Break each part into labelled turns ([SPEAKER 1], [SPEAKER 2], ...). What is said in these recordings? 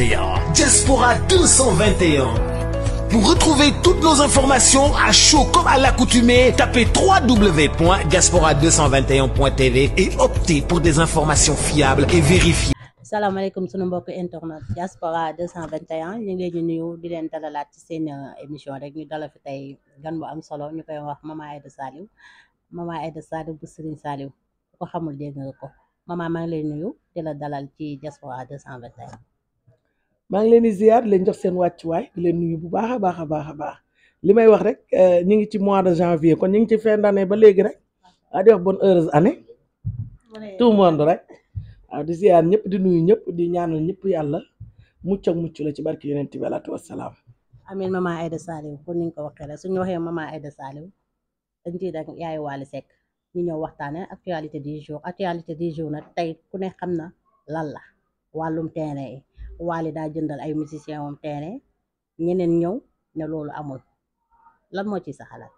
[SPEAKER 1] 2021. Diaspora 221. Pour retrouver toutes nos informations à chaud comme à l'accoutumée, tapez www.diaspora221.tv et optez pour des informations fiables et vérifiées.
[SPEAKER 2] salaamaaleykum sunu mbokk internet diaspora 221 ñu ngi leen di nuyu di leen dalalaat ci seen euh, émission rek ñu dalal fi tey gan bu am solo ñu koy wax mama Aida Saliou mama Aida Saliou bu Serigne Saliou ko xamul dégg nga mama maa ngi lay nuyu di la dalal ci diaspora
[SPEAKER 1] maa ngi leen di ziar di leen jox seen wàcc waay leen nuyu bu baax a baax a baax a baax li may wax rek euh, ñu ngi ci mois de janvier kon ñu ngi ci fin d'année ba léegi rek ah di wax bonne heureuse année tout le monde rek waaw di ziar ñëpp di nuyu ñëpp di ñaanal ñëpp yàlla mucc ak mucc la ci barki yonent bi alaatu wassalaam
[SPEAKER 2] amin maman Aïda Saliou kon ni ñu ko waxee la suñu waxee maman Aïda Saliou dañ ciy dak yaay Wally Seck ñu ñëw waxtaane actualité du jour actualité du jour nag tey ku ne xam na lan la wàllum terrain yi Wally daa jëndal ay musiciens moom terrain ñeneen ñëw ne loolu amul lan
[SPEAKER 1] moo ci sa xalaat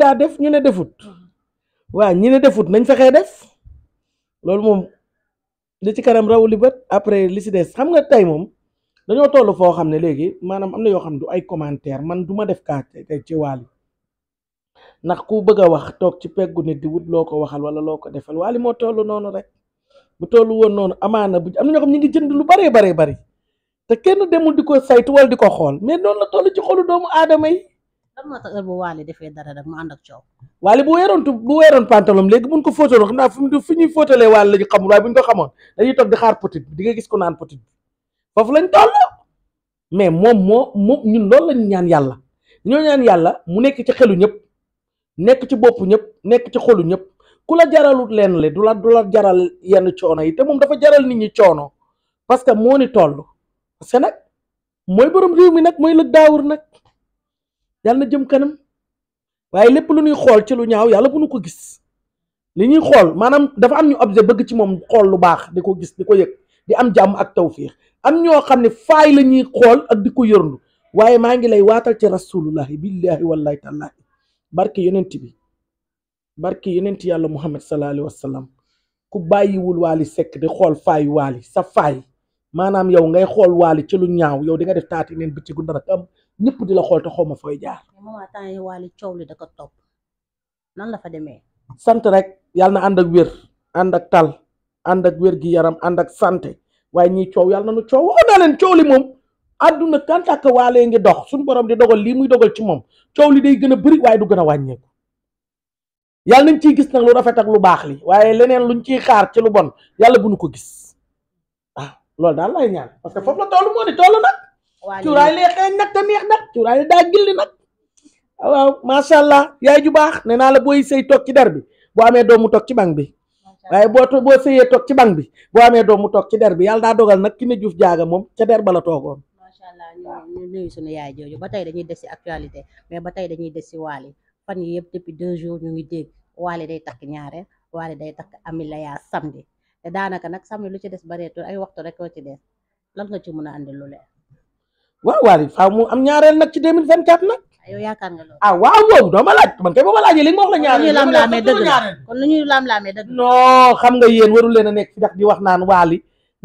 [SPEAKER 1] daa def ñu ne defut waaw ñu ne defut nañ fexee def loolu moom li ci kanam raw li bët après li si des xam nga tey moom dañoo toll foo xam ne léegi maanaam am na yoo xam ne du ay commentaire man duma def kaa tey ci Wally ndax ku bëgg a wax toog ci peggu nit di wut loo ko waxal wala loo ko defal Wally moo toll noonu rek bu tollu woon noonu amaana bu am na ñoo xam ñu ngi jënd lu baree bare bari te kenn demul di ko saytu wal di ko xool mais noonu la toll ci xolu doomu aadama yi.
[SPEAKER 2] lan moo tax bu waale defee dara rek mu ànd ak coow.
[SPEAKER 1] waale bu weeroon bu weeroon pantalon léegi buñ ko fóotaloon xam naa fi ñuy fóotalee waale la ñu xamul waaye bu ñu ko xamoon dañuy toog di xaar potit bi nga gis ko naan potit bi foofu lañ toll mais moom moo moom ñun loolu lañu ñaan yàlla ñoo ñaan yàlla mu nekk ci xelu ñëpp nekk ci bopp ñëpp nekk ci xolu ñëpp. ku la jaralut leen le du la du jaral yenn coono yi te moom dafa jaral nit ñi coono parce que moo ni tollu parce nag mooy borom réew mi nag mooy lëg daawur nag yàlla na jëm kanam waaye lépp lu ñuy xool ci lu ñaaw yàlla bu nu ko gis li ñuy xool maanaam dafa am ñu objet bëgg ci moom xool lu baax di ko gis di ko yëg di am jàmm ak tawfiix am ñoo xam ne faay la ñuy xool ak di ko yërndu waaye maa ngi lay waatal ci rasulullahi billahi wallahi tallahi barke yonent bi barki yenent yàlla muhammad sallallahu alayhi wa sallam ku bàyyiwul waali sekk di xool faay waali sa faay maanaam yow ngay xool waali ci lu ñaaw yow di nga def taati neen bëcc gu dara am ñëpp di la xool te xaw ma fooy jaar.
[SPEAKER 2] moment temps yi waali coow li da ko topp nan la fa demee.
[SPEAKER 1] sant rek yàlla na ànd ak wér ànd ak tal ànd ak wér gi yaram ànd ak sante waaye ñii coow yàlla na nu coow woo naa leen coow li moom. àdduna kantàkk waalee ngi dox suñu borom di dogal lii muy dogal ci moom coow li day gën a bëri waaye du gën a wàññeeku yàlla nañ ciy gis nag lu rafet ak lu baax li waaye leneen luñ ciy xaar ci lu bon yàlla bu ñu ko gis ah loolu daal lay ñaan parce que foofu la toll moo di toll nag. waaw cuuraay lee xeeñ nag te neex daa ah, macha allah yaay ju baax nee naa la booy sëy toog ci der bi boo amee doom mu toog ci bank bi waaye boo boo sëyee toog ci bank bi boo amee doom mu toog ci der bi yàlla daa dogal nag ki ne Juuf jaaga moom ca der ba la toogoon.
[SPEAKER 2] macha allah ñu nuyu sunu yaay ba tey dañuy des si actualité mais ba tey dañuy des si waali fan yi yëpp depuis deux jours ñu ngi dégg waale day takk ñaareel waale day takk amila yaa samedi te daanaka nag samedi lu ci des bareetul ay waxtu rek ci des lan nga ci mën a andi lu leer
[SPEAKER 1] waaw waale faaw mu am ñaareel nag ci deux mille vingt quatre nag
[SPEAKER 2] ah, yow yaakaar nga loolu
[SPEAKER 1] ah waaw doo ma laaj man kay ma laajee ma wax la ñaareel ñuy lamlaamee la
[SPEAKER 2] kon lu ñuy lamlaamee dëgg non xam nga yéen
[SPEAKER 1] warul leen nekk ci ndax di wax naan waali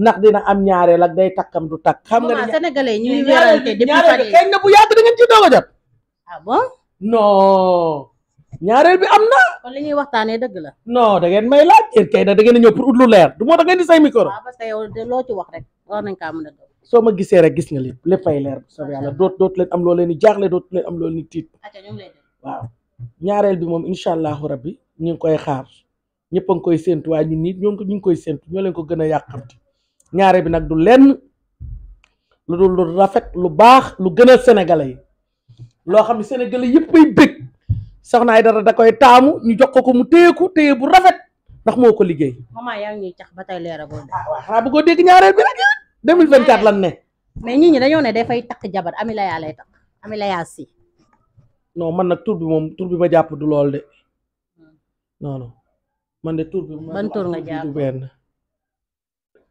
[SPEAKER 1] ndax dina am ñaareel ak day takkam du takk xam nga
[SPEAKER 2] sénégalais ñuy wérante depuis ñaareel
[SPEAKER 1] kañ na bu yàgg da ngeen ci doog a jot ah bon non ñaareel bi am na.
[SPEAKER 2] li ñuy waxtaanee dëgg la.
[SPEAKER 1] non da ngeen may laaj yéen kay da ngeen a ñëw pour ut lu leer du moo tax ngeen di say micro. waaw
[SPEAKER 2] parce que yow de loo ci wax
[SPEAKER 1] soo ma gisee rek gis nga li ay leer bu soobee yàlla doot doot leen am loo leen di jaaxle doot leen am loo leen tiit. waaw ñaareel bi moom incha allahu rabbi ñu ngi koy xaar ñëpp ngi koy séntu waaye ñun niit ñoo ñu ngi koy séntu ñoo leen ko gën a yàqamti ñaareel bi nag du lenn lu dul lu rafet lu baax lu gën a sénégal yi loo xam ne sénégalais yëpp bay bëgg soxna ay dara da koy taamu ñu jox ko ko mu téye ko téye bu rafet ndax moo ko liggéey.
[SPEAKER 2] maman yaa ngi ñuy tax ba tey leera boo ah waaw
[SPEAKER 1] xanaa bëggoo dégg ñaareel bi rek 2024 lan ne.
[SPEAKER 2] mais ñit ñi dañoo ne fay takk jabar ami yaa lay takk Amila
[SPEAKER 1] yaa si. non man nag tur bi moom tur bi ma jàpp du lool de hmm. non non man de tur bi. ban tur nga jàpp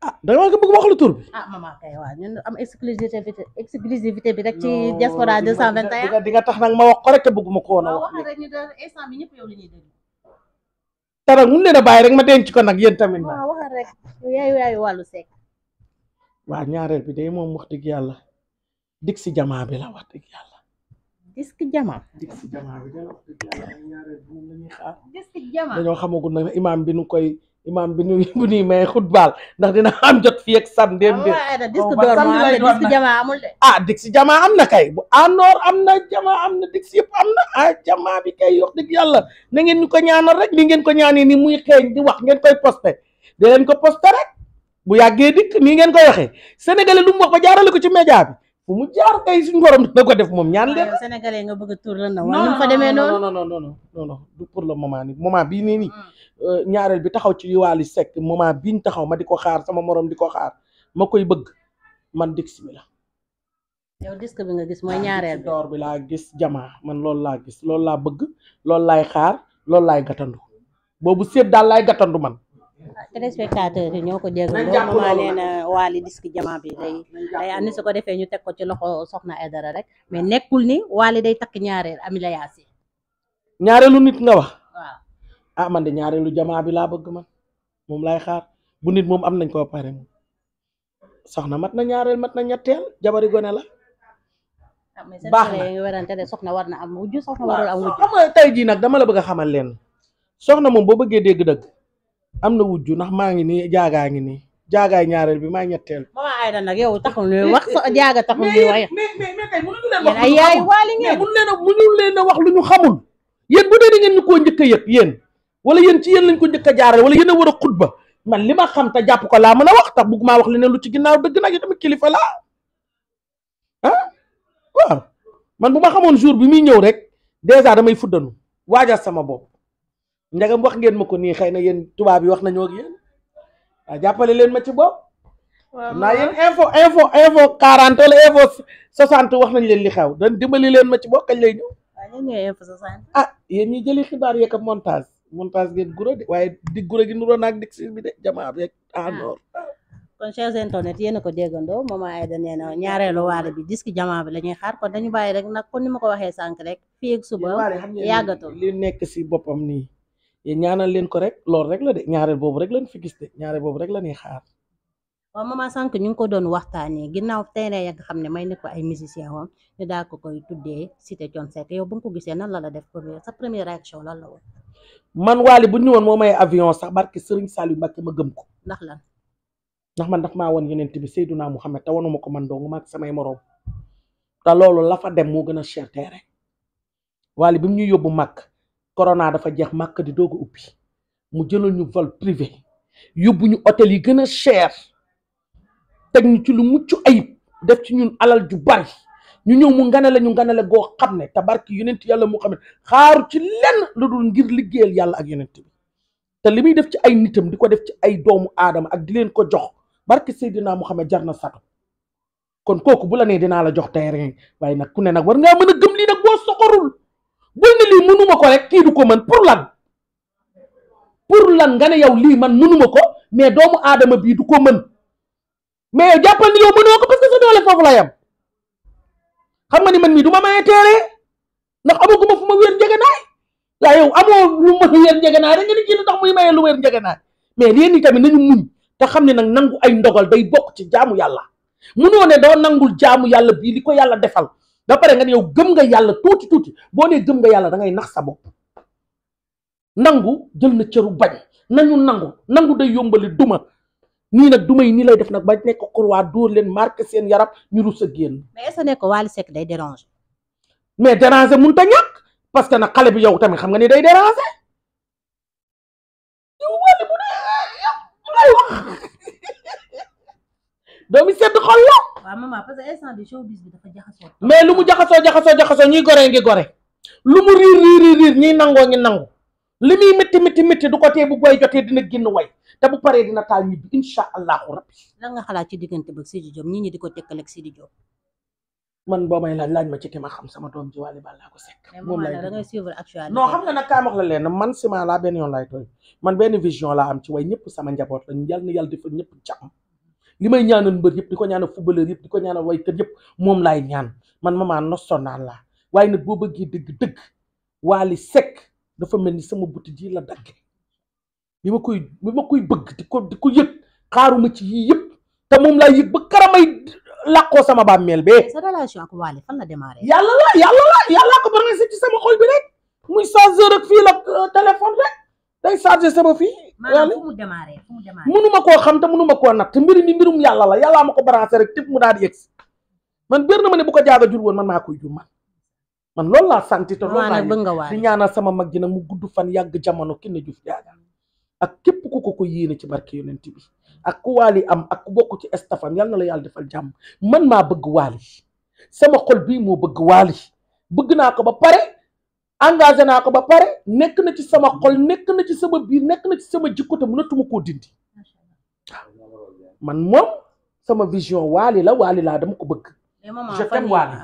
[SPEAKER 1] ah da nga bëgg ma wax la bi.
[SPEAKER 2] ah maman kay waaw ñun am exclusivité bi rek. ci diaspora 221 di
[SPEAKER 1] nga tax nag ma wax ko rek te bëgguma ko wax.
[SPEAKER 2] rek ñu bi ñëpp yow la ñuy déglu.
[SPEAKER 1] te nag mun leen nag yéen tamit.
[SPEAKER 2] waaw waxal rek
[SPEAKER 1] yaay bi day moom wax dëgg yàlla dig si jamaa bi la wax dëgg yàlla. disk jama disk bi la wax dëgg yàlla imaam bi nu koy. imam bi nuy bu nuy may xutbaal ndax dina am jot fii ak sam dem de ah dig si jamaa am na kay bu anoor am na jamaa am na dig si yëpp am na ah jamaa bi kay wax dëgg yàlla na ngeen ñu ko ñaanal rek li ngeen ko ñaanee ni muy xeeñ di wax ngeen koy posté da leen ko posté rek bu yàggee dikk nii ngeen koy waxee sénégalais lu mu wax ba jaarale ko ci média bi fu mu jaar kay suñu borom dina ko def moom ñaan leen.
[SPEAKER 2] sénégalais nga bëgg a tur la na wala fa demee noonu non non non
[SPEAKER 1] non non du pour le moment ni moment bii nii nii hmm. euh, ñaareel bi taxaw ci Wally Seck moment bii ñu taxaw ma di ko xaar sama morom di ko xaar ma koy bëgg man Dix mi la. yow disque bi nga gis mooy ñaareel bi door bi laa gis jamaa man loolu laa gis loolu laa bëgg loolu laay xaar loolu laay gàttandu boobu seet daal laay gàttandu man.
[SPEAKER 2] téléspectateurs yi ñoo ko jéggandoo mamaa nee na Wally disque diamant bi day day ànd su ko defee ñu teg ko ci loxo Soxna ay dara rek
[SPEAKER 1] mais nekkul ni
[SPEAKER 2] Wally day takk ñaareel Amy la Yaasi
[SPEAKER 1] ñaareelu nit nga wax waaw ah man de ñaareelu jamaa bi laa bëgg ma moom lay xaar bu nit moom am nañ koo pare moom soxna mat na ñaareel mat na ñetteel jabari gone la
[SPEAKER 2] ah, baax na soxna war na am wujju soxna warul am
[SPEAKER 1] nag dama la bëgg a xamal leen soxna moom boo bëggee dégg dëgg am na wujju ndax maa ngi ni jaagaa ngi nii jaagaa ñaareel bi maa ñetteel. mama Aida nag yow taxul ñuy wax sa jaaga taxul ñuy wax. mais mais leen wax. yaay waali ngeen mënuñu leen a mënuñu a wax lu ñu xamul. yéen bu dee da ngeen ñu koo njëkk a yëg yéen wala yéen ci yéen lañ ko njëkk a jaarale wala yéen a war a xutba man ma xam te jàpp ko laa mën a wax tax bëgg ma wax leneen lu ci ginnaaw dëgg nag itamit kilifa laa ah man bu ma xamoon jour bi muy ñëw rek dèjà damay fuddanu waajal sama bopp ndegam wax ngeen ma ko nii xëy na yen tubaab yi wax nañoo ak yéen waaw ah, jàppale leen ma ci bopp. xam naa yéen info info info wax nañ leen li xew dan dimbali leen ma ci bopp kañ lay ñëw.
[SPEAKER 2] waaw ah, ñooy info 60.
[SPEAKER 1] ah yéen xibaar yeeg ak montage montage ngeen guro de waaye di guro gi nuroo naag dig si de jamaa beeg àndoor. Ah. kon chers internet
[SPEAKER 2] a ko déggandoo Mama Aida na ñaareelu waale bi disque jamaa bi la ñuy xaar kon dañu bàyyi rek nag kon ni ma ko waxee sànq rek fi ak suba yàggatul
[SPEAKER 1] li nekk si boppam nii. ñaanal leen ko rek loolu rek la de ñaareel boobu rek lañ fi gis de ñaareel boobu rek la ñuy xaar.
[SPEAKER 2] waaw maman sànq ñu ngi ko doon waxtaanee ginnaaw terrain ya nga xam ne may na ko ay musicien woon ñu daal ko koy tuddee
[SPEAKER 1] Cité Thione Seck yow bu nga ko
[SPEAKER 2] gisee nan la la def première sa première réaction lan la woon.
[SPEAKER 1] man Wally bu ñu woon moo may avion sax barke sëriñ Saliou Mbacké ma gëm ko. ndax la ndax man ndax maa woon yeneen bi Seydouna Mouhamed te wanuma ko man dong ma samay morom loolu la dem moo gën a cher terrain bi mu ñu yóbbu corona dafa jeex màkk di doog a ubbi mu jëlal ñu vol privé yóbbu ñu hôtel yi gën a cher teg ñu ci lu mucc ayib def ci ñun alal ju bari ñu ñëw mu nganale ñu nganale goo xam ne tabarki yonent yàlla mu xam ne xaaru ci lenn lu dul ngir liggéeyal yàlla ak yonent bi te li muy def ci ay nitam di ko def ci ay doomu aadama ak di leen ko jox barki xam Muhammad jar na satu kon kooku bu la nee dinaa la jox terrain waaye nag ku ne nag war ngaa mën a gëm lii nag boo bul ne lii mënuma ko rek kii du ko mën pour lan pour lan nga ne yow lii man mënuma ko mais doomu aadama bii du ko mën mais yow jàppal ni yow mënoo ko parce que doole foofu la yam xam nga ni man mii du ma maye teere ndax amaguma fu ma wér njëgënaay waaye yow amoo lu ma wér njëgënaay rek nga ni kii lu tax muy maye lu wér njëgënaay mais yéen ñi tamit nañu muñ te xam ne nag nangu ay ndogal day bokk ci jaamu yàlla mënoo ne doo nangul jaamu yàlla bii li ko yàlla defal da pare nga ne yow gëm nga yàlla tuuti tuuti boo nee gëm nga yàlla da ngay nax sa bopp nangu jël na cëru bañ nañu nangu nangu day yombali duma nii nag duma yi nii lay def nag ba nekk croix dóor leen marqué seen yaram ñu rus a génn.
[SPEAKER 2] mais est-ce que nekk Wally Seck day déranger.
[SPEAKER 1] mais déranger mënut ta ñàkk parce que nag xale bi yow tamit xam nga ni day déranger. doomi sedd xol la.
[SPEAKER 2] waaw maman parce que instant bi showbiz
[SPEAKER 1] mais lu mu jaxasoo jaxasoo jaxasoo ñuy goree ngi gore lu mu riir riir riir ñiy nangoo ngi nangu li muy métti métti métti du ko tee bu boy jotee dina génn way te bu paree dina taal ñibbi incha allahu rabbi. lan nga xalaat ci diggante ba Sidi Diop ñii ñi di ko tekkal ak Sidi Diop. man boo may laaj ma ci ma xam sama doom ji Wally Ballago Seck. moom lay da ngay
[SPEAKER 2] suivre actualité. non xam nga
[SPEAKER 1] nag la leen man ciment laa benn yoon laay tooy man benn vision laa am ci way ñëpp sama njaboot la yal na yàlla d ñëpp li may ñaanal mbër yëpp di ko ñaanal footballeur yëpp di ko ñaanal waykat yëpp moom laay ñaan man ma maman national laa waaye nag boo bëggee dëgg-dëgg sek Seck dafa mel ni sama buti ji la dagge bi ma koy bi ma bëgg di ko di ko yëg xaaruma ci yii yëpp te moom laa yëg ba karamay làqoo sama bàmmeel bee. sa relation la démarré. yàlla la yàlla la yàlla ko ba ci sama xol bi rek muy chargeur ak fii la euh, téléphone rek day chargé sama fii. maanaam fu mu
[SPEAKER 2] démarré fu mu démarré
[SPEAKER 1] mënuma koo xam te mënuma koo natt mbir mi mbirum yàlla la yàllaa ma ko branché rek tëb mu daal di man bér na ma ne bu ko jaaga jur woon man ma koy jur man man loolu laa santi te loolu laa di ñaanal sama mag ji nag mu gudd fan yàgg jamono kenn juf jaaga ak képp ku ko ko yéene ci barke yonent bi ak ku waali am ak ku bokk ci estafam yal na la yàlla defal jàmm man maa bëgg waali sama xol bii moo bëgg waali bëgg naa ko ba pare engagé naa ko ba pare nekk na ci sama xol nekk na ci sama biir nekk na ci sama jikko te mënatuma koo dindi man moom sama vision waali la waali laa dama ko bëgg. je t'aime ah, waali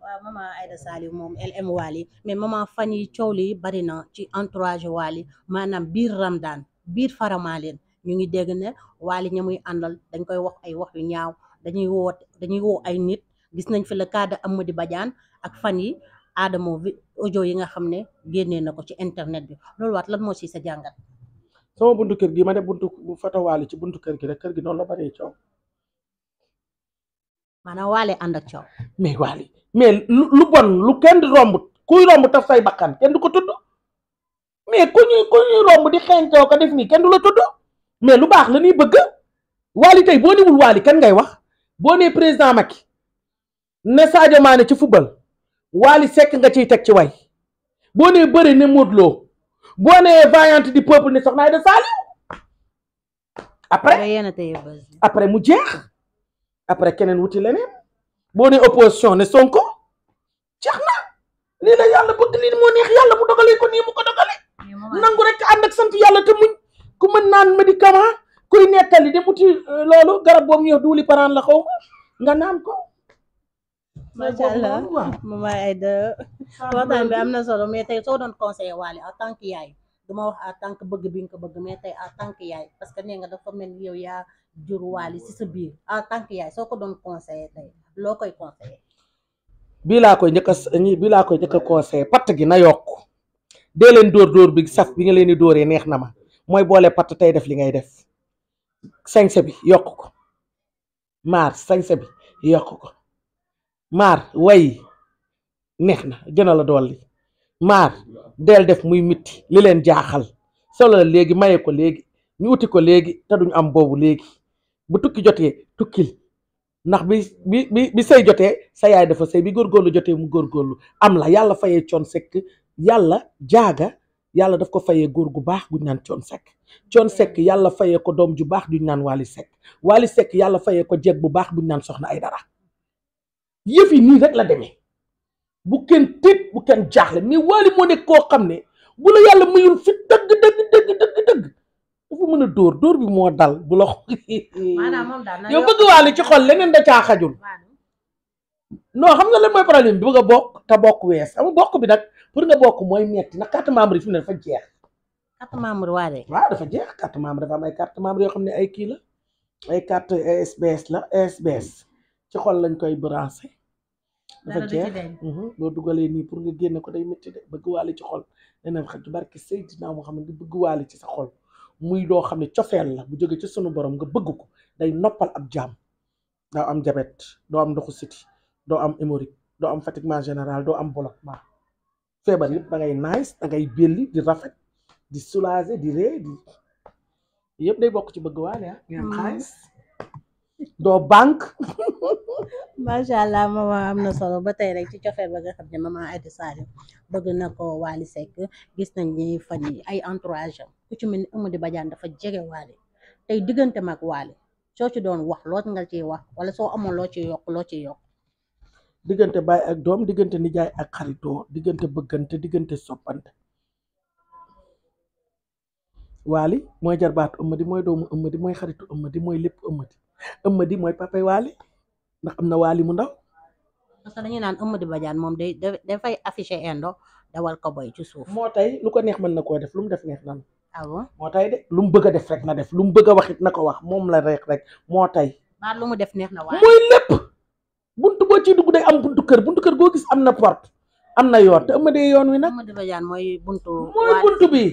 [SPEAKER 2] waaw maman Aïda Saliou moom elle aime waali mais maman fan yi coow li bari na ci entourage waali maanaam biir Ramadan biir Faramaaleen ñu ngi dégg ne waali ña àndal dañ koy wax ay wax yu ñaaw dañuy woo dañuy woo ay nit gis nañ fi le cas ama di Badiane ak fan yi aadamo audio yi nga xam ne génnee na ko ci internet bi loolu waat lan moo ci sa jàngat
[SPEAKER 1] sama buntu kër gi ma ne buntu foto waali ci buntu kër gi rek kër gi noonu la bari coow
[SPEAKER 2] maanaam waale ànd ak coow
[SPEAKER 1] mais waali mais lu bon lu kenn romb kuy romb ta say bakkan kenn du ko tudd mais ku ñuy ku ñuy romb di xencoo ko def nii kenn du la tudd mais lu baax la ñuy bëgg waali tey boo newul waali kan ngay wax boo nee président Macky ne Sadio Mané ci football Wally sekk nga ci teg ci way boo nee bëri ne Modou Lo boo nee vaillante du peuple ne soxnaay de Saliou après après mu jeex après keneen wuti leneen boo nee opposition ne Sonko jeex na lii la yàlla bëgg lii moo neex yàlla mu dogalee ko nii mu ko dogalee nangu rek ànd ak sant yàlla te muñ ku mën naan médicament kuy nettali dem uti euh, loolu garab boobu ñuy wax duuli paraan la xaw nga naan ko macha allah
[SPEAKER 2] maman Aida waxtaan bi am na solo mais tey soo doon conseillé Wally en tant que yaay duma wax en tant bëgg bi nga ko bëgg mee tey en tant que yaay parce que nee nga dafa mel ni yaa jur Wally si sa biir en tant yaay soo ko doon conseillé tey loo koy conseillé
[SPEAKER 1] bii laa koy njëkk a koy njëkk a conseillé patt gi na yokk dee leen dóor dóor bi saf bi nga leen di dóoree neex na ma mooy boole patt tey def li ngay def sañse bi yokk ko maar sañse bi yokk ko maar way neex na gën a la dolli maar del def muy mitti li leen jaaxal solo la léegi maye ko léegi ñu uti ko léegi te duñu am boobu léegi bu tukki jotee tukkil ndax bi bi bi bi sëy jotee sa yaay dafa sëy bi góorgóorlu jotee mu góor góorlu am la yàlla fayee coon sekk yàlla jaaga yàlla daf ko fayee góor gu baax guñ naan coon sekk coon sekk yàlla fayee ko doom ju baax duñ naan waali sekk waali sekk yàlla fayee ko jeeg bu baax bu ñu naan soxna ay dara yëf yi nii rek la demee bu kenn tiit bu kenn jaaxle mais Wally moo nekk koo xam ne bu la yàlla mayul fi dëgg dëgg dëgg dëgg dëgg dafa mën a dóor dóor bi moo dal bu la
[SPEAKER 2] yow bëgg Wally ci xol
[SPEAKER 1] leneen da caa xajul non xam nga lan mooy problème bi bëgg a bokk te bokk wees ama bokk bi nag pour nga bokk mooy metti nag carte membre yi fi mu ne dafa jeex carte membre waale waaw dafa jeex carte membre dafa am ay carte membre yoo xam ne ay kii la ay carte SBS la SBS ci xol lañ koy branché dafa jeex mhm. boo dugalee nii pour nga génne ko day métti de bëgg waale ci xol nee na xaj barke Seydina Muhammad nga bëgg waale ci sa xol muy doo xam ne cofeel la bu jóge ci sunu borom nga bëgg ko day noppal ab jaam doo am jabet doo am ndoxu siti doo am hémorroïde doo am fatiguement général doo am bloquement feebar yëpp dangay ngay nice da ngay di rafet di soulager di ree di yëpp day bokk ci bëgg waale ah. Mm. doo banque.
[SPEAKER 2] macha allah maman am na solo ba tey rek ci cofeel ba nga xam ne maman Adji Sarr bëgg na ko Wally Seck gis nañ ni fan yi ay entourage am ci mel ni Amady dafa jege Wally diggante mag Wally soo ci doon wax loo nga ciy wax wala soo amoon loo ci loo ci yokk
[SPEAKER 1] diggante baay ak doom diggante nijaay ak xaritoo diggante bëggante diggante soppante Wally mooy jarbaatu Amady mooy doomu Amady mooy xaritu Amady mooy lépp Amady mooy papay Wally ndax am na waali mu ndaw
[SPEAKER 2] parce que dañuy naan Eumeudi Badiane moom day dafay
[SPEAKER 1] indo dawal ko boy ci suuf moo tey lu ko neex mën na koo def lu mu def neex nan ah moo tey lu mu bëgg a def rek na def lu mu bëgg wax it ko wax moom la rek rek moo tey maa lu mu def neex na
[SPEAKER 2] waay mooy lépp
[SPEAKER 1] buntu boo am buntu kër buntu kër goo gis am na porte am na yoon te yoon wi nag Eumeudi Badiane mooy mooy buntu bi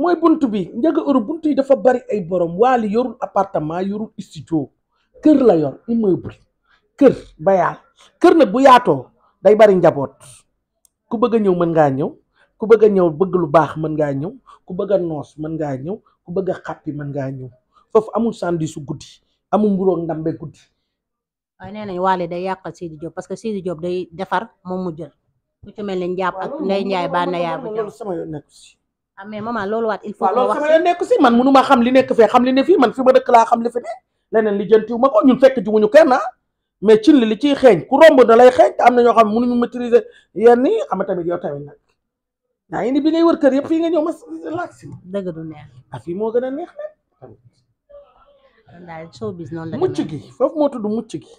[SPEAKER 1] mooy buntu bi njëga Europe bunt yi dafa bari ay boroom waali yorul appartement yorul studio kër la yor immeuble kër bayaal kër nag bu yaatoo day bari njaboot ku bëgg ñëw mën ngaa ñëw ku bëgg ñëw bëgg lu baax mën ngaa ñëw ku bëgg a noos mën ngaa ñëw ku bëgg a xàppi mën ngaa ñëw foofu amul sandi su guddi amul mburoog ndambe guddi
[SPEAKER 2] waaye nee nañ Wally day yàqal Sidi Diop parce que Sidi Diop day defar moom mu jël ku ci mel ni jàpp nday njaay baa na yaa bu loolu sama yoon nekku ah, loolu waat il faut waaw loolu sama
[SPEAKER 1] yoon si man mënuma xam li nekk fee xam li ne fii ma dëkk laa xam li fi ne leneen li jëntiwu mais cin li li ciy xeeñ ku romb da lay xeeñ te am na ñoo xam ne mënuñu maîtriser yenn yi xam nga tamit yoo tamit nag naa indi bi ngay wër kër yëpp fii nga ñëw ma laaj ma. dëgg neex. ah fii moo gën a neex nag. daal showbiz noonu la mucc gi foofu moo tudd mucc gi.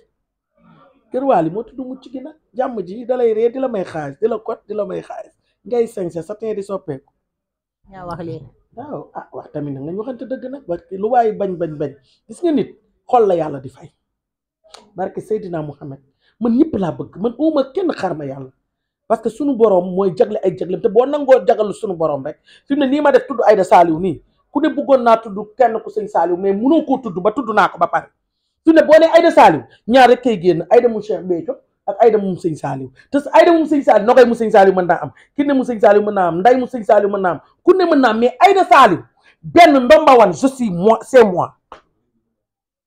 [SPEAKER 1] kër waali moo tudd mucc gi nag jàmm ji dalay lay ree di la may xaalis di la kot di la may xaalis ngay sañse sa tee di soppeeku. yaa wax lii. waaw ah wax tamit nag nga ñu te dëgg nag lu waay bañ bañ bañ gis nga nit xol la yàlla di fay. barke Seydina Mouhamed man ñëpp laa bëgg man uma kenn xaar ma yàlla parce que sunu borom mooy jagle ay jaglem te boo nangoo jagalu sunu borom rek fi ni ma de tudd ay Saliou nii ku ne bëggoon naa tudd kenn ku sëñ Saliou mais mënoo koo tudd ba tudd naa ko ba pare fi mu ne boo nee Aïda Saliou ñaar rek ay génn Aïda mu Cheikh Béthio ak Aïda moom sëñ Saliou te Aïda moom sëñ Saliou nogay mu sëñ Saliou mën mu sëñ Saliou mën na am nday mu sëñ Saliou mën naa am ku ne mën naa am mais Aïda Saliou benn ndombawan je suis moi c'est moi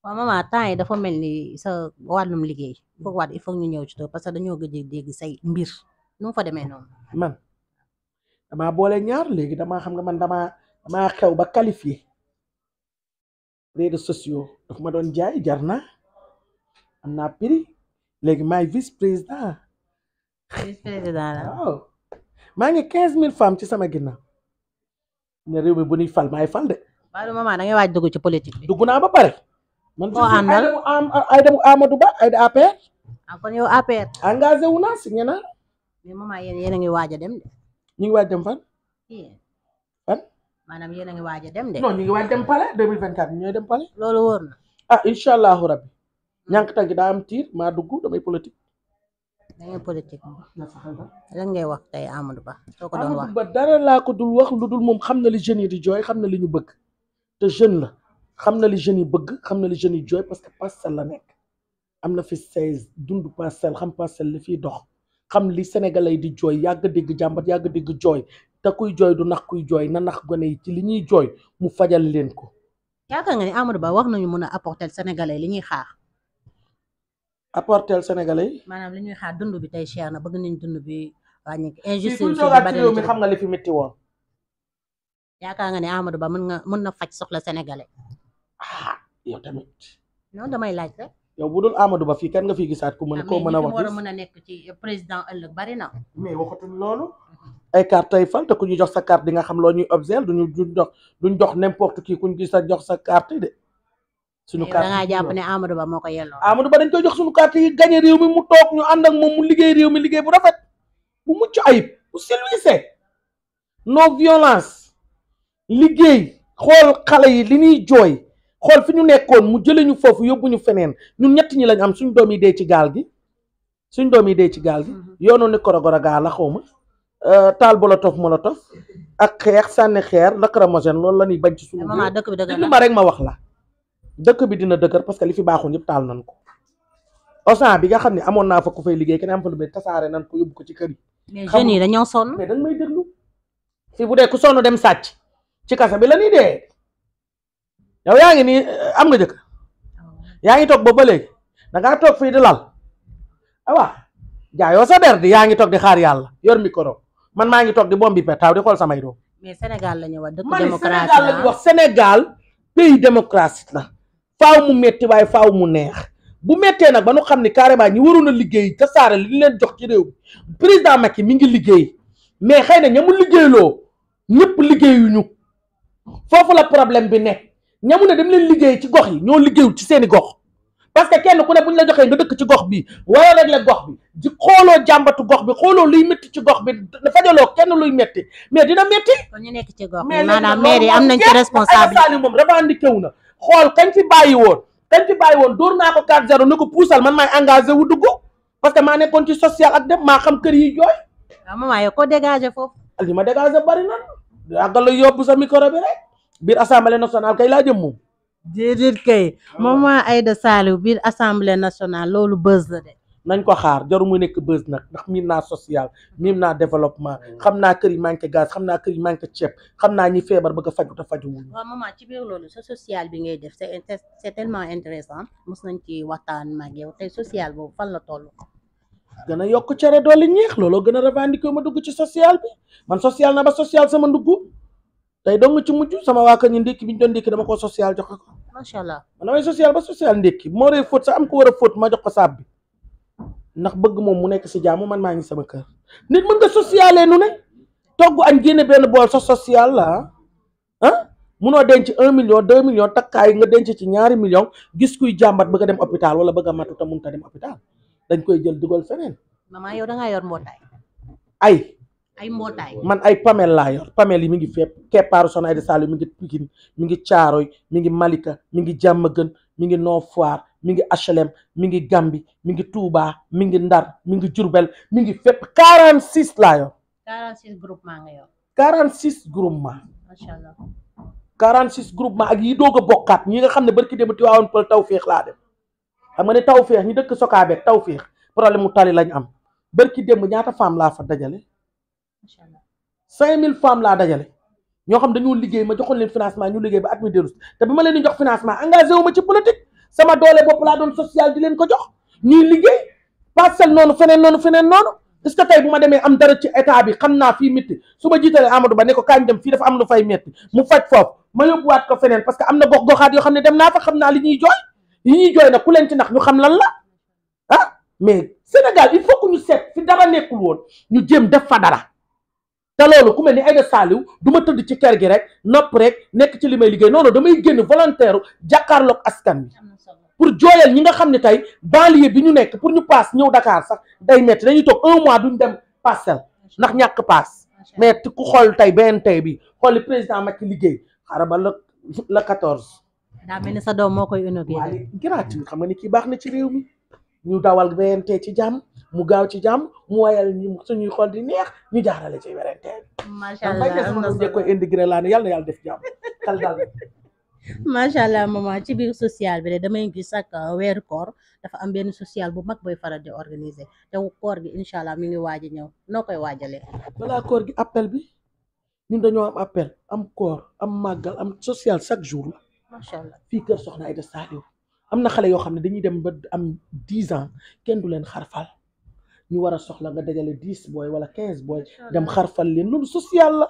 [SPEAKER 2] waaw maman temps yi dafa mel ni sa wàllum liggéey foog waat il faut ñu ñëw ci toog parce que dañoo gëj a dégg say mbir nu mu fa demee noonu.
[SPEAKER 1] man damaa boole ñaar léegi dama xam nga man dama damaa xew ba qualifié réseaux sociaux daf ma doon jaay jar na am naa prix léegi maay maa ngi quinze mille femme ci sama ginnaaw ne réew mi bu ñuy fal maay fal de. waaw maman da ngay waaj dugg ci politique bi. dugg naa ba pare. man moo àndal ay dem ah, Amadou Ba ay da APR. ah kon yow APR. engagé wu naa signé naa.
[SPEAKER 2] mais maman yéen a
[SPEAKER 1] ngi waaj a dem de. ñu ngi waaj dem fan. fan.
[SPEAKER 2] maanaam yéen a ngi waaj a dem de. non ñu ngi waaj dem pale
[SPEAKER 1] 2024 ñooy dem pale. loolu wóor na. ah incha allahu rabbi. Hmm. ñànk tànk daa am tiir maa dugg damay politique. da ngay politique lan ngay wax tey Amadou Ba. soo ko doon wax Amadou Ba dara laa dul wax lu dul moom xam na li jeune yi di xam na li ñu bëgg te jeune la. xam na li jeunes yi bëgg xam na li jeunes yi jooy parce que Pastel la nekk am na fi seize dund Pastel xam Pastel li fiy dox xam li sénégalais di jooy yàgg dégg jàmbat yàgg dégg jooy te kuy jooy du nax kuy jooy na nax gone yi ci li ñuy jooy mu fajal leen ko.
[SPEAKER 2] yaakaar nga ni Amadou Ba wax nañu mën a apporter sénégalais li ñuy xaar.
[SPEAKER 1] apporter sénégalais yi.
[SPEAKER 2] maanaam li ñuy xaar dund bi tey cher na bëgg nañ dund bi
[SPEAKER 1] wàññi bi mi xam nga li fi métti woon.
[SPEAKER 2] yaakaar nga ne Amadou Ba mën nga mën na faj soxla sénégalais. ah yow tamit. non damay laaj rek.
[SPEAKER 1] yow bu dul Amadou Ba fii kan nga fi gisaat ku mën a ah, koo mën a wax. war a mën a
[SPEAKER 2] nekk ci président ëllëg bari na.
[SPEAKER 1] mais waxatuñ loolu. ay carte tay fal te ku ñu jox sa carte di nga xam loo ñuy observe duñu duñ jox duñ jox n'importe qui kuñ gis sa jox sa carte de.
[SPEAKER 2] suñu carte da ngaa jàpp ne
[SPEAKER 1] Amadou Ba moo ko yelloo. Amadou Ba dañ koy jox suñu carte yi gagné réew mi mu toog ñu ànd ak moom mu liggéey réew mi liggéey bu rafet bu mucc ayib bu civilisé non violence liggéey xool xale yi li ñuy jooy. xool fi ñu nekkoon mu jëlee ñu foofu yóbbu ñu feneen ñu ñett ñi lañ am suñ doom yi dee ci gaal gi suñ doom yi dee ci gaal gi mhm. yoonu ne korogoro gaal la xaw ma euh, taal bolotoof molotoof ak xeex sànni xeer lacrymogène loolu la ñuy bañ ci suñu eh, lu ma rek ma wax la dëkk bi dina dëgër parce que li fi baaxoon yëpp taal nañ ko osan bi nga xam ne amoon naa fa ku fay liggéey kenn am fa lu mel ko yóbbu ko ci kër yi mais jeunes yi dañoo sonn dañ may déglu fii bu dee ku sonn dem sàcc ci kasa bi la ñuy dee yow yaa ngi nii eh, am nga jëkkër oh. yaa ngi toog ba ba léegi da ngaa toog fii di lal awaa jaayoo sa der di yaa ngi toog di xaar yàlla yor micro man maa ngi toog di bombi petaaw di xool samay doom.
[SPEAKER 2] mais Sénégal la ñu wax dëkk démocratie la man wax
[SPEAKER 1] Sénégal pays démocratie la faaw mu metti waay faw mu neex bu mettee nag ba nu xam ne carrément ñi waroon a liggéey te saare li ñu leen jox ci réew mi président Macky mi ngi liggéey mais xëy na ña mu liggéeyloo ñëpp liggéeyuñu foofu la problème bi nekk. ñamu ne dem leen liggéey ci gox yi ñoo liggéeyu ci seeni gox parce que kenn ku ne bu ñu la joxee nga dëkk ci gox bi wala régler gox bi di xooloo jàmbatu gox bi xooloo luy métti ci gox bi fajaloo kenn luy métti mais dina métti. kon
[SPEAKER 2] ñu nekk ci gox bi maanaam mairie am nañ ci responsabilité
[SPEAKER 1] moom revendiqué wu na xool kañ fi bàyyi woon kañ fi bàyyi woon dóor naa ko 4-0 ne ko puusal man maay engagé wu dugg parce que maa nekkoon ci social ak dem maa xam kër yi jooy. waaw ah, maman yow ko dégagé foofu. li ma dégagé bari na yàggal la yóbbu sa micro bi rek. biir assemblée nationale kay laa jëm moom. déedéet kay maman Aïda Saliou biir assemblée nationale loolu bës la de. nañ ko xaar jaru mu nekk bës nag ndax miin naa social miin naa développement xam naa kër yi manqué gaz xam naa kër yi manqué ceeb xam naa ñi feebar bëgg a faju te faju wuñu
[SPEAKER 2] waaw maman ci biir loolu sa social bi ngay def c'est c'est tellement intéressant mos nañ ci waxtaan mag yow tey social boobu fan la toll
[SPEAKER 1] gën a yokk cere dooli ñeex a dugg ci social bi man na ba social sama ndugg tey dong ci mujj sama waa kër ñu ndékki bi ñu doon ndékki dama ko social jox ko. macha allah man damay social ba social ndékki moo ree fóot sax am ko war a fóot ma jox ko saab bi ndax bëgg moom mu nekk si jaamu man maa ngi sama kër nit mën nga socialee nu ne togg añ génne benn bool sa social la ah, ah? munoo denc un million deux million takkaay nga denc ci ñaari million gis kuy jàmbat bëgg a dem hôpital wala bëgg a matu te mun ta dem hôpital dañ koy jël dugal feneen.
[SPEAKER 2] maman yow da ngaa yor mbootaay. ay. ay mbootaay man ay
[SPEAKER 1] pamel laa yor pamel yi mi ngi fépp keppaaru Soxna Aïda Saliou mu ngi Pikine mi ngi Caaroy mi ngi Malika mi ngi Jàmmagën mi ngi Nord Foire mi ngi HLM mi ngi Gambi mi ngi Touba mi ngi Ndar mi ngi Jurbel mi ngi fépp 46 laa yor.
[SPEAKER 2] 46 groupement nga yor. groupement. macha
[SPEAKER 1] groupement ak yi doog a bokkaat ñi nga xam ne barki démb Tiwaawoon Pël tawféex laa dem xam nga ne tawféex ñi dëkk Sokaabeek tawféex problème mu tali lañ am barki démb ñaata femme laa fa dajale. cinq mille femmes laa dajale ñoo xam dañoo liggéey ma joxoon leen financement ñu liggéey ba at mi dellu te bi ma leen di jox financement engagé wu ma ci politique sama doole bopp laa doon social di leen ko jox ñuy liggéey parcelle noonu feneen noonu feneen noonu est-ce bu ma demee am dara ci état bi xam naa fii métti su ma jiitalee Amadou Ba ne ko kañ dem fii dafa am lu fay métti mu faj foofu ma yóbbuwaat ko feneen parce que am na gox goxaat yoo xam ne naa fa xam naa li ñuy jooy nax ñu xam lan la ah mais Sénégal il faut que seet fi dara nekkul woon ñu jéem def fa dara te loolu ku mel ni Aïda Saliou du ma tëdd ci ker gi rek nopp rek nekk ci li may liggéey non non damay génn volontaire jàkkaarloog askan bi pour jooyal ñi nga xam ne tey banlieue bi ñu nekk pour ñu paas ñëw dakaar sax day metti dañuy toog un mois duñ dem parcelle ndax ñàkk paas mais ku xool tey BNT bi xool président Macky liggéey xaaral ba la la quatorze daa mel ni sa doom moo koy inauguré gratuit xam nga ni kii baax na ci réew mi ñu dawal BNT ci jàmm mu gaaw ci jàmm mu wayal ñu suñuy xol di neex ñu jaarale ci werante bi.
[SPEAKER 2] macha allah am
[SPEAKER 1] na yàlla yàlla def jàmm xel
[SPEAKER 2] macha allah maman ci biir social bi de damay gis ak euh, weeru koor dafa am benn social bu mag booy faral di organiser te koor gi incha allah mi ngi waaj a ñëw noo koy
[SPEAKER 1] waajalee. balaa koor gi appel bi ñun dañoo am appel am koor am màggal am social chaque jour. macha allah fii kër Soxna ay Aïda Saliou am na xale yoo xam ne dañuy dem ba am dix ans kenn du leen xarfal. ñu war a soxla nga dajale dix booy wala quinze booy dem xarfal leen loolu social la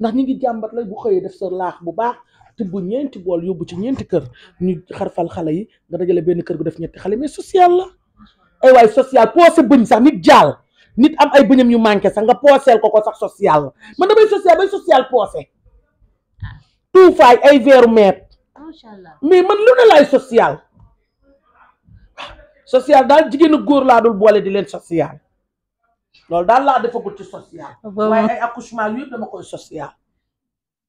[SPEAKER 1] ndax ñu ngi jàmbat la bu xëyee def sa laax bu baax tibb ñeenti bool yóbbu ci ñeenti kër ñu xarfal xale yi nga dajale benn kër gu def ñetti xale mais social la ay waay social poosé bëñ sax nit jaal nit am ay bëñam yu manqué sax nga pooseel ko ko sax social la man damay social bay social poosé ah. tuufaay ay veeru meet mais man lu ne laay social social daal jigéenu góor laa dul boole di leen social loolu daal laa defagul ci social. Ah, waaye ay accouchement yëpp dama koy social.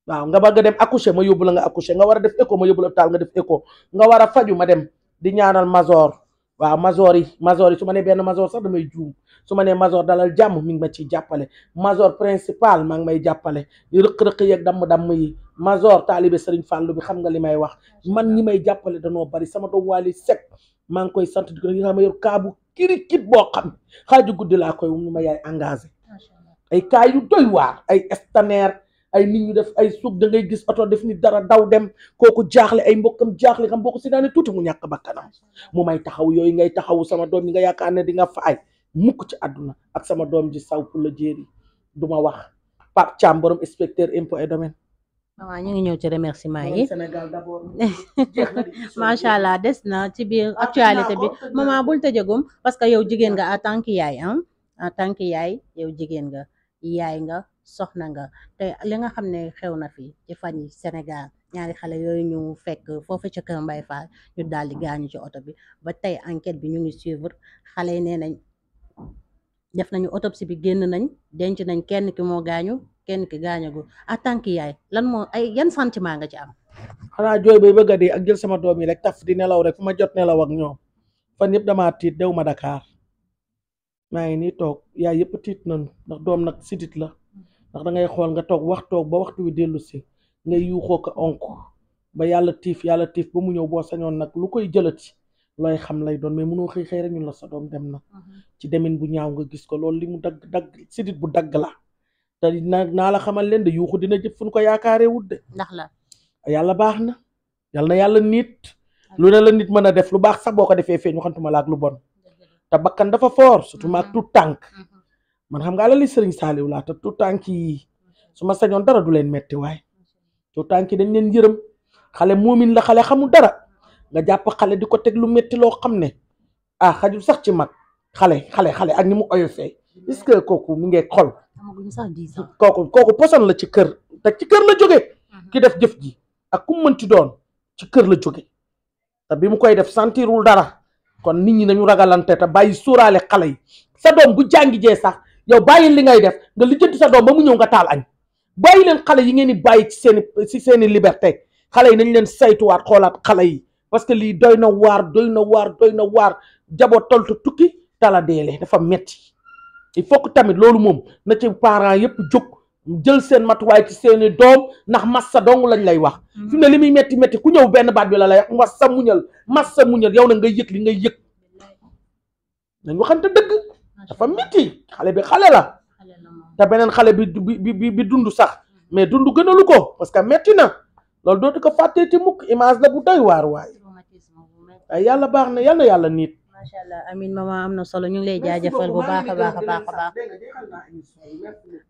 [SPEAKER 1] waaw nga bëgg a dem accoucher ma yóbbu la nga accoucher nga war a def écho ma yóbbu la hôpital nga def écho nga war a faju ma dem di ñaanal masoor waaw major yi major yi su ma nee benn major sax damay juum su ma nee major dalal jàmm mi ngi ma ciy jàppale major principal maa ngi may jàppale rëq-rëq yeeg damm-damm yi major taalibe Serigne Fallou bi xam nga li may wax man ñi may jàppale danoo bari sama doom Wally set maa ngi koy sant di yi xam yor kaabu kirikit boo xam xaaju guddi laa koy mu ma yaay engagé ay kaa doy waar ay staner ay nit ñu def ay suug da ngay gis oto def ni dara daw dem kooku jaaxle ay mbokkam jaaxle xam boo ko si daane tuuti mu ñàkk bakkanam mu may taxaw yooyu ngay taxaw sama doom yi nga yaakaar ne di nga faay mukk ci àdduna ak sama doom ji saw pour la jéeri du ma wax Pape Thiam borom inspecteur impôt et domaine
[SPEAKER 2] waaw ñu ngi ñëw ci remerciement yi macha allah des na ci biir actualité bi ah, ah, maman ah, bul tëjagum parce que yow jigéen nga à tant yaay ah en tant yaay yow jigéen nga yaay nga soxna nga te li nga xam ne xew na fi ci fan yi Sénégal ñaari xale yooyu ñu fekk foofu ca kër mbay Fall ñu daal di gaañu ci oto bi ba tey enquête bi ñu ngi suivre xale yi nee nañ def nañu autopsie bi génn nañ denc nañ kenn ki moo gaañu kenn ki gaañagu en tant que yaay lan moo ay yan sentiment
[SPEAKER 1] nga ci am. xanaa jooy bay bëgg a dee ak jël sama doom yi rek taf di nelaw rek fu ma jot nelaw ak ñoom fan yëpp damaa tiit dew ma Dakar maa ngi toog yaay yëpp tiit nañu la. ndax da ngay xool nga toog wax toog ba waxtu wi dellu si nga yuuxoo ko onk ba yàlla tiif yàlla tiif ba mu ñëw boo sañoon nag lu koy jëlati looy xam lay doon mais mënoo xëy xëy rek ñu la sa doom dem na mhm. ci demin bu ñaaw nga gis ko loolu li mu dagg dagg sidit bu dagg la te naa la xamal leen de yuuxu dina jëf fuñ ko yaakaaree wut de ndax la yàlla baax na yàlla na yàlla nit lu ne la nit mën a def lu baax sax boo ko defee feeñ waxantuma laak lu bon te bakkan dafa foor surtout mhm. tout tànk mhm. man xam nga la li sëriñ Saaliw laa te tout tànk yi su ma sañoon dara du leen metti waaye tout tànk yi dañ leen yërëm xale moomin la xale xamul dara nga jàpp xale di ko teg lu metti loo xam ne ah xajul sax ci mag xale xale xale ak ni mu oyofee est-ce que kooku mu ngi xol kooku kooku poson la ci kër te ci kër la jóge mhm. ki def jëf ji ak ku mënti doon ci kër la jóge te bi mu koy def sentirul dara kon nit ñi nañu ragalante te bàyyi suuraale xale yi sa doom bu jàngi jee sax yow bàyyi li ngay def nga lijjanti sa doom ba mu ñëw nga taal añ bàyyi leen xale yi ngeen di bàyyi ci seen ci seen i liberté xale yi nañ leen saytuwaat xoolaat xale yi parce que lii doy na waar doy na waar doy na waar jaboot toltu tukki tala deele dafa metti il faut que tamit loolu moom na ci parents yëpp jóg jël seen matuwaay ci seeni i doom ndax massa dong lañ lay wax mm-hmm. fi ne li muy metti metti ku ñëw benn baat bi la lay wax massa muñal massa muñal yow na ngay yëg li ngay yëg nañ dafa métti xale bi xale la te beneen xale bi bi bi bi dund sax mais dund gënalu ko parce que metti na loolu dootu ko fàttee ci mukk image la bu doy waar waay ay yàlla baax na yàlla yàlla nit macha allah amin mama am na solo ñu ngi lay jaajëfal bu baax a baax a baax a baax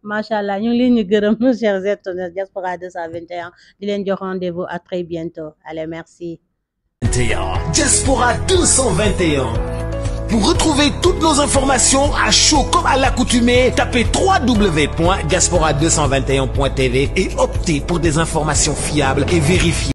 [SPEAKER 2] macha allah ñu ngi leen ñu gërëm chers internautes diaspora 221 di leen jox rendez-vous à très bientôt allez merci
[SPEAKER 1] diaspora 221 Pour retrouver toutes nos informations à chaud comme à l'accoutumée, tapez www.diaspora221.tv et optez pour des informations fiables et vérifiées.